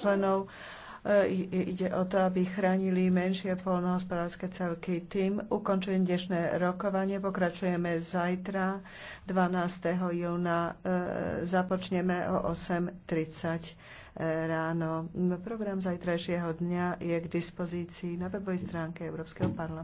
členov. E, ide o to, aby chránili menšie polnohospodárske celky. Tým ukončujem dnešné rokovanie. Pokračujeme zajtra, 12. júna. E, započneme o 8.30 e, ráno. Program zajtrajšieho dňa je k dispozícii na webovej stránke Európskeho parlamentu.